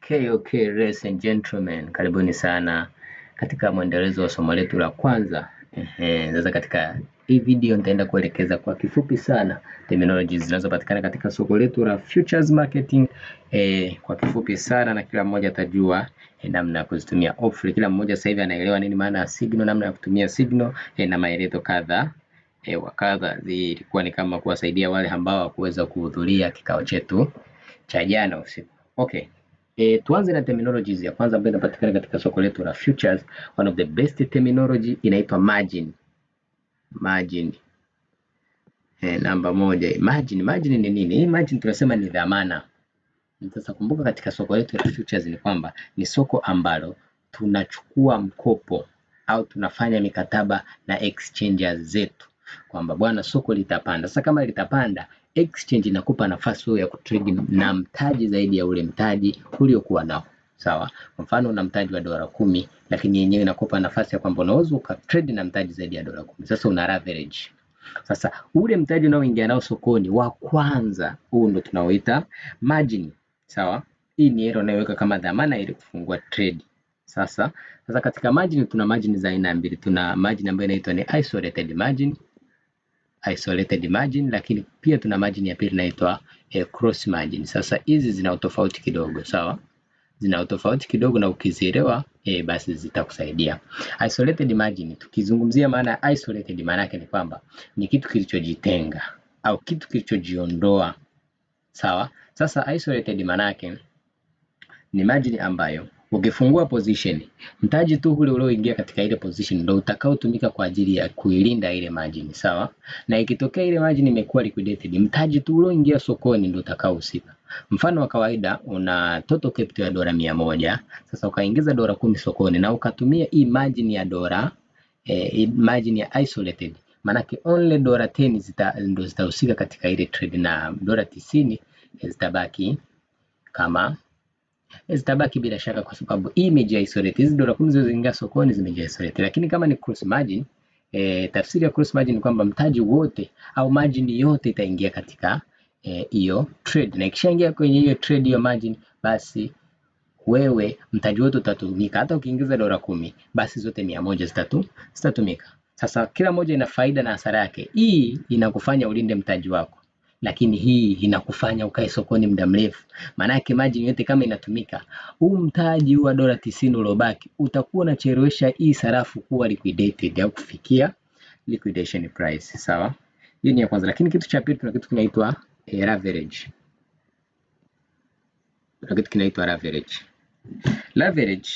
Okay, okay, ladies and gentlemen, karibuni sana katika mwendelezo wa somo letu la kwanza. Ehe, sasa katika hii video nitaenda kuelekeza kwa kifupi sana terminologies zinazopatikana katika soko letu la futures marketing e, kwa kifupi sana, na kila mmoja atajua e, namna ya kuzitumia. offer. kila mmoja sasa hivi anaelewa nini maana ya signal, namna ya kutumia signal e, na maelezo kadha e, wa kadha. Ilikuwa ni kama kuwasaidia wale ambao hawakuweza kuhudhuria kikao chetu cha jana usiku. Okay. E, tuanze na terminologies ya kwanza ambayo inapatikana katika soko letu la futures. One of the best terminology inaitwa margin. Margin. E, namba moja. Margin, margin ni nini? Hii margin tunasema ni dhamana. Sasa kumbuka katika soko letu la futures ni kwamba ni soko ambalo tunachukua mkopo au tunafanya mikataba na exchanges zetu kwamba bwana, soko litapanda. Sasa kama litapanda exchange inakupa nafasi wewe ya kutrade na mtaji zaidi ya ule mtaji uliokuwa nao. Sawa, kwa mfano una mtaji wa dola kumi, lakini yenyewe inakupa nafasi ya kwamba unaweza ukatrade na mtaji zaidi ya dola kumi. Sasa una leverage. Sasa ule mtaji unaoingia nao sokoni wa kwanza, huu ndo tunaoita margin. Sawa, hii ni hela unayoweka kama dhamana ili kufungua trade. Sasa sasa, katika margin tuna margin za aina mbili. Tuna margin ambayo inaitwa ni isolated margin isolated margin, lakini pia tuna margin ya pili inaitwa eh, cross margin. Sasa hizi zina utofauti kidogo, sawa? Zina utofauti kidogo na ukizielewa eh, basi zitakusaidia. Isolated margin, tukizungumzia maana ya isolated, maana yake ni kwamba ni kitu kilichojitenga au kitu kilichojiondoa, sawa? Sasa isolated maana yake ni margin ambayo Ukifungua position, mtaji tu ule ulioingia katika ile position ndio utakaotumika kwa ajili ya kuilinda ile margin, sawa? Na ikitokea ile margin imekuwa liquidated, mtaji tu ulioingia sokoni ndio utakaohusika. Mfano wa kawaida una total capital ya dola mia moja. Sasa ukaingiza dola kumi sokoni na ukatumia hii margin ya dola eh, margin ya isolated. Maanake only dola 10 zita ndio zitahusika katika ile trade na dola 90 eh, zitabaki kama zitabaki bila shaka, kwa sababu hii imejaa isolate. Hizi dola kumi zilizoingia sokoni zimejaa isolate, lakini kama ni cross margin e, tafsiri ya cross margin ni kwamba mtaji wote au margin yote itaingia katika e, hiyo e, trade, na ikishaingia kwenye hiyo trade, hiyo margin, basi wewe mtaji wote utatumika. Hata ukiingiza dola kumi, basi zote mia moja zitatu zitatumika. Sasa kila moja ina faida na hasara yake. Hii inakufanya ulinde mtaji wako lakini hii inakufanya ukae sokoni muda mrefu. Maana yake maji yote kama inatumika, huu mtaji wa dola 90 uliobaki utakuwa unachelewesha hii sarafu kuwa liquidated au kufikia liquidation price. Sawa, hiyo ni ya kwanza. Lakini kitu cha pili, tuna kitu kinaitwa eh, leverage. Tuna kitu kinaitwa leverage. Leverage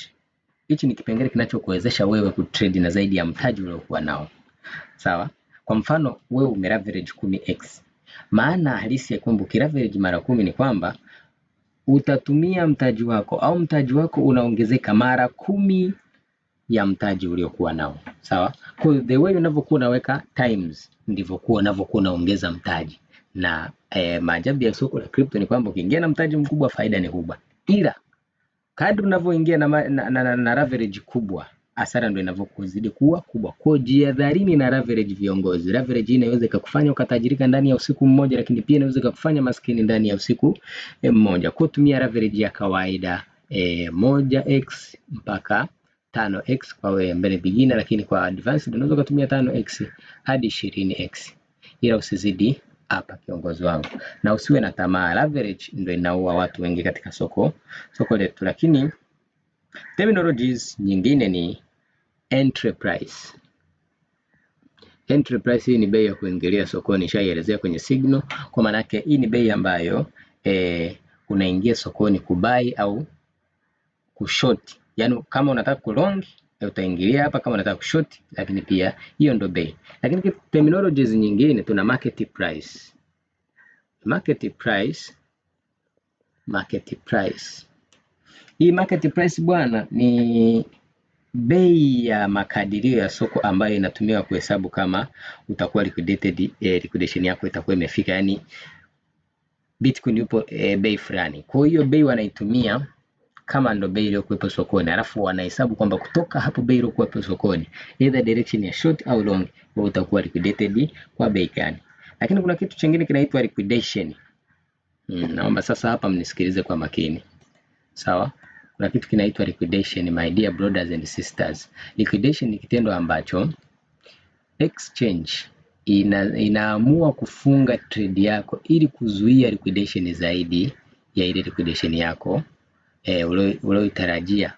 hichi ni kipengele kinachokuwezesha wewe kutrade na zaidi ya mtaji uliokuwa nao. Sawa, kwa mfano wewe ume leverage 10x maana halisi ya kwamba ukileverage mara kumi ni kwamba utatumia mtaji wako au mtaji wako unaongezeka mara kumi ya mtaji uliokuwa nao. Sawa? Kwa hiyo the way unavyokuwa unaweka times ndivyo kuwa unavyokuwa unaongeza mtaji. Na eh, maajabu ya soko la crypto ni kwamba ukiingia na mtaji mkubwa faida ni kubwa. Ila kadri unavyoingia na, ma- na, na, na, na average kubwa hasara ndio inavyozidi kuwa kubwa. Kwa jiadharini na leverage viongozi. Leverage inaweza ikakufanya ukatajirika ndani ya usiku mmoja, lakini pia inaweza ikakufanya maskini ndani ya usiku e, mmoja. Kwa tumia leverage ya kawaida e, moja x mpaka 5x kwa wewe mbele ni beginner, lakini kwa advanced unaweza kutumia 5x hadi 20x, ila usizidi hapa kiongozi wangu, na usiwe na tamaa. Leverage ndio inaua watu wengi katika soko soko letu, lakini terminologies nyingine ni Enterprise. Enterprise hii ni bei ya kuingilia sokoni, shaielezea kwenye signal. Kwa maana yake hii ni bei ambayo e, unaingia sokoni kubai au kushort, yaani kama unataka kulong eh, utaingilia hapa, kama unataka kushort, lakini pia hiyo ndo bei. Lakini terminologies nyingine tuna market price, market price, market price. Hii market price bwana ni bei ya makadirio ya soko ambayo inatumiwa kuhesabu kama utakuwa liquidated, eh, liquidation yako itakuwa imefika, yani Bitcoin yupo eh, bei fulani. Kwa hiyo bei wanaitumia kama ndo bei iliyokuwepo sokoni, alafu wanahesabu kwamba kutoka hapo bei iliyokuwepo sokoni, either direction ya short au long, wewe utakuwa liquidated kwa bei gani. Lakini kuna kitu kingine kinaitwa liquidation. Hmm, naomba sasa hapa mnisikilize kwa makini, sawa? so, kuna kitu kinaitwa liquidation, my dear brothers and sisters. Liquidation ni kitendo ambacho exchange ina, inaamua kufunga trade yako ili kuzuia liquidation zaidi ya ile liquidation yako e, eh, ulioitarajia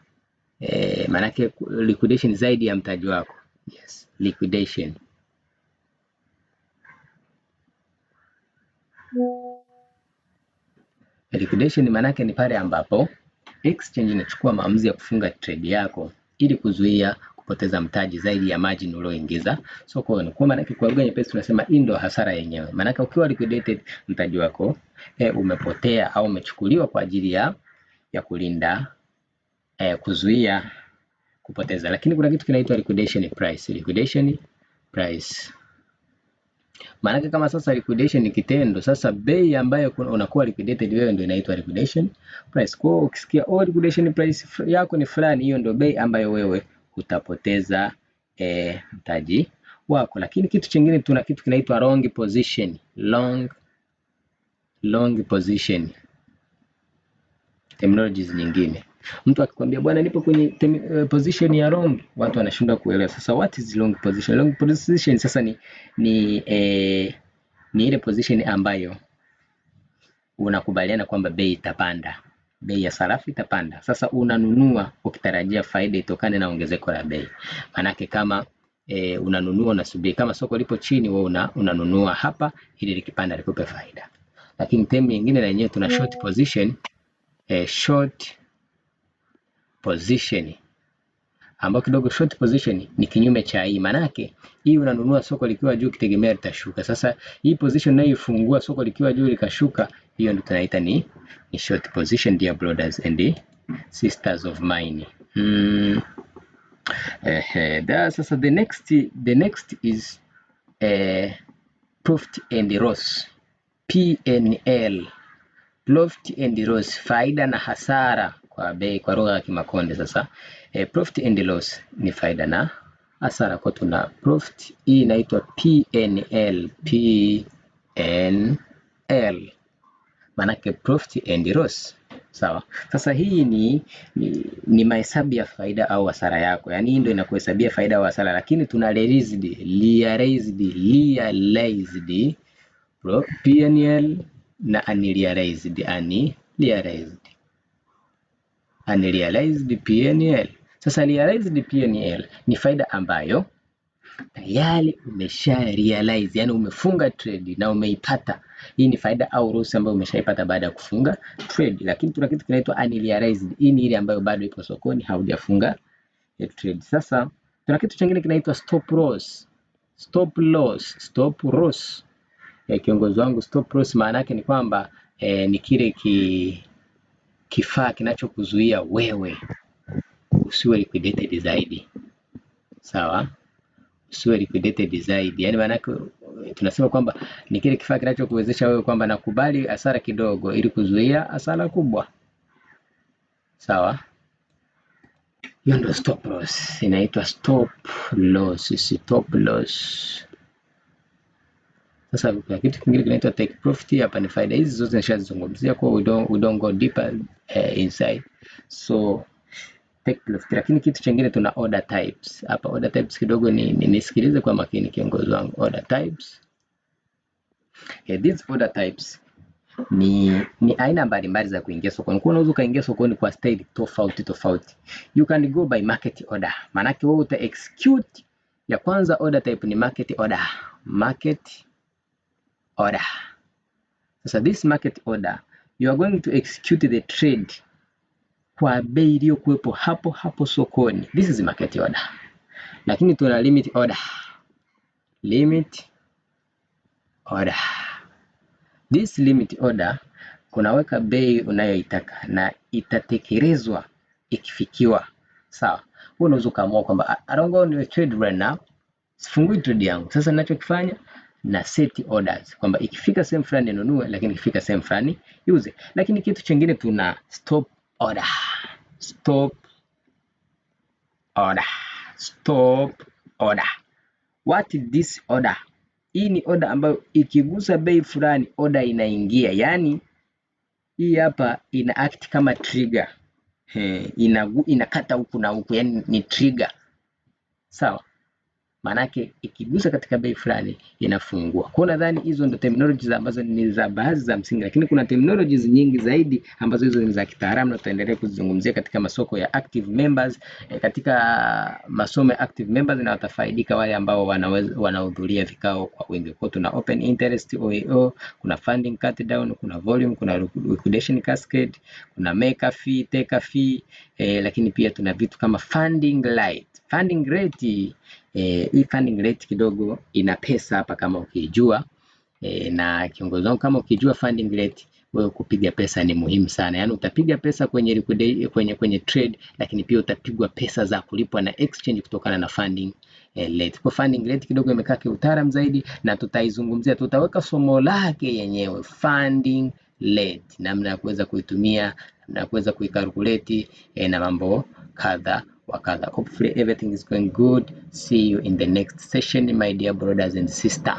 e, eh, maanake liquidation zaidi ya mtaji wako yes, liquidation liquidation maanake ni pale ambapo Exchange inachukua maamuzi ya kufunga trade yako ili kuzuia kupoteza mtaji zaidi ya margin ulioingiza sokoni. Kwa maana kwa lugha nyepesi tunasema hii ndio hasara yenyewe. Maana ukiwa liquidated mtaji wako e, umepotea au umechukuliwa kwa ajili ya ya kulinda e, kuzuia kupoteza. Lakini kuna kitu kinaitwa liquidation price. Liquidation price Maanake kama sasa liquidation ni kitendo, sasa bei ambayo unakuwa liquidated wewe ndio inaitwa liquidation price. Kwa hiyo ukisikia oh, liquidation price yako ni fulani, hiyo ndio bei ambayo wewe utapoteza eh, mtaji wako. Lakini kitu chingine, tuna kitu kinaitwa long position. Long, long position terminologies nyingine Mtu akikwambia bwana, nipo kwenye temi, uh, position ya long, watu wanashindwa kuelewa. Sasa what is long position? Long position sasa ni ni eh, ni ile position ambayo unakubaliana kwamba bei itapanda, bei ya sarafu itapanda. Sasa unanunua ukitarajia faida itokane na ongezeko la bei. Manake kama e, unanunua unasubiri, kama soko lipo chini wewe una, unanunua hapa ili likipanda likupe faida. Lakini term nyingine na yenyewe tuna short mm. position, e, short position ambayo kidogo short position ni kinyume cha hii. Manake hii unanunua soko likiwa juu ukitegemea litashuka. Sasa hii position nayo ifungua soko likiwa juu likashuka, hiyo ndio tunaita ni, ni short position, dear brothers and sisters of mine. Mm. Ehe, da, sasa the next, the next is eh, profit and loss PNL, profit and loss, faida na hasara kwa bei kwa lugha ya Kimakonde sasa. E, profit and loss ni faida na hasara, kwa tuna profit hii inaitwa PNL, PNL maanake profit and loss sawa. Sasa hii ni, ni, ni mahesabu ya faida au hasara yako, yaani hii ndio inakuhesabia faida au hasara, lakini tuna realized, realized, realized PNL na unrealized, unrealized unrealized PNL. Sasa realized PNL ni faida ambayo tayari umesha realize, yani umefunga trade na umeipata. Hii ni faida au ruhusa ambayo umeshaipata baada ya kufunga trade, lakini tuna kitu kinaitwa unrealized. Hii ni ile ambayo bado ipo sokoni, haujafunga trade. Sasa tuna kitu kingine kinaitwa stop loss. Stop loss, stop loss. E, kiongozi wangu stop loss maana yake ni kwamba eh, ni kile ki kifaa kinachokuzuia wewe usiwe liquidated zaidi, sawa? Usiwe liquidated zaidi, yani maanake tunasema kwamba ni kile kifaa kinachokuwezesha wewe kwamba nakubali hasara kidogo ili kuzuia hasara kubwa, sawa? Hiyo ndio stop loss, inaitwa stop loss, stop loss. Sasa kuna kitu kingine kinaitwa take profit. Hapa ni faida, hizi zote nishazizungumzia, kwa we don't, we don't go deeper uh, inside so take profit. Lakini kitu kingine tuna order types hapa. Order types kidogo ni, ni nisikilize kwa makini kiongozi wangu. Order types yeah, these order types ni, ni aina mbalimbali za kuingia sokoni. Kwa unaweza ukaingia sokoni kwa style tofauti tofauti. You can go by market order. Maanake wewe uta execute ya kwanza order type ni market order. Market order. Sasa this market order, you are going to execute the trade kwa bei iliyokuwepo hapo hapo sokoni. This is market order. Lakini tuna limit order. Limit order. This limit order kunaweka bei unayoitaka na itatekelezwa ikifikiwa. Sawa. Wewe unaweza ukaamua kwamba I don't go on the trade right now. Sifungui trade yangu. Sasa ninachokifanya na set orders kwamba ikifika sehemu fulani ninunue, lakini ikifika sehemu fulani iuze. Lakini kitu chingine tuna stop order. Stop order. Stop order. What is this order? Hii ni order ambayo ikigusa bei fulani order inaingia, yaani hii hapa ina act kama trigger. He, inagu, inakata huku na huku, yani ni trigger. Sawa maanake ikigusa katika bei fulani inafungua. Kwa nadhani hizo ndio technologies ambazo ni za baadhi za msingi, lakini kuna technologies nyingi zaidi ambazo hizo ni za kitaalamu na tutaendelea kuzizungumzia katika masoko ya active members, eh, katika masomo ya active members na watafaidika wale ambao wanahudhuria vikao kwa wingi. Kwa tuna open interest OAO, kuna funding cut down, kuna volume, kuna liquidation cascade, kuna maker fee, taker fee, eh, lakini pia tuna vitu kama funding light Funding rate eh, hii funding rate kidogo ina pesa hapa kama ukijua eh, na kiongozi wangu kama ukijua funding rate wewe kupiga pesa ni muhimu sana. Yaani utapiga pesa kwenye liquidate, kwenye kwenye trade lakini pia utapigwa pesa za kulipwa na exchange kutokana na funding eh, rate. Kwa funding rate kidogo imekaa kiutaalamu zaidi na tutaizungumzia, tutaweka somo lake yenyewe funding rate, namna ya kuweza kuitumia, namna ya kuweza kuikalkuleti eh, na mambo kadhaa. Wakanda. Hopefully everything is going good. See you in the next session, my dear brothers and sister.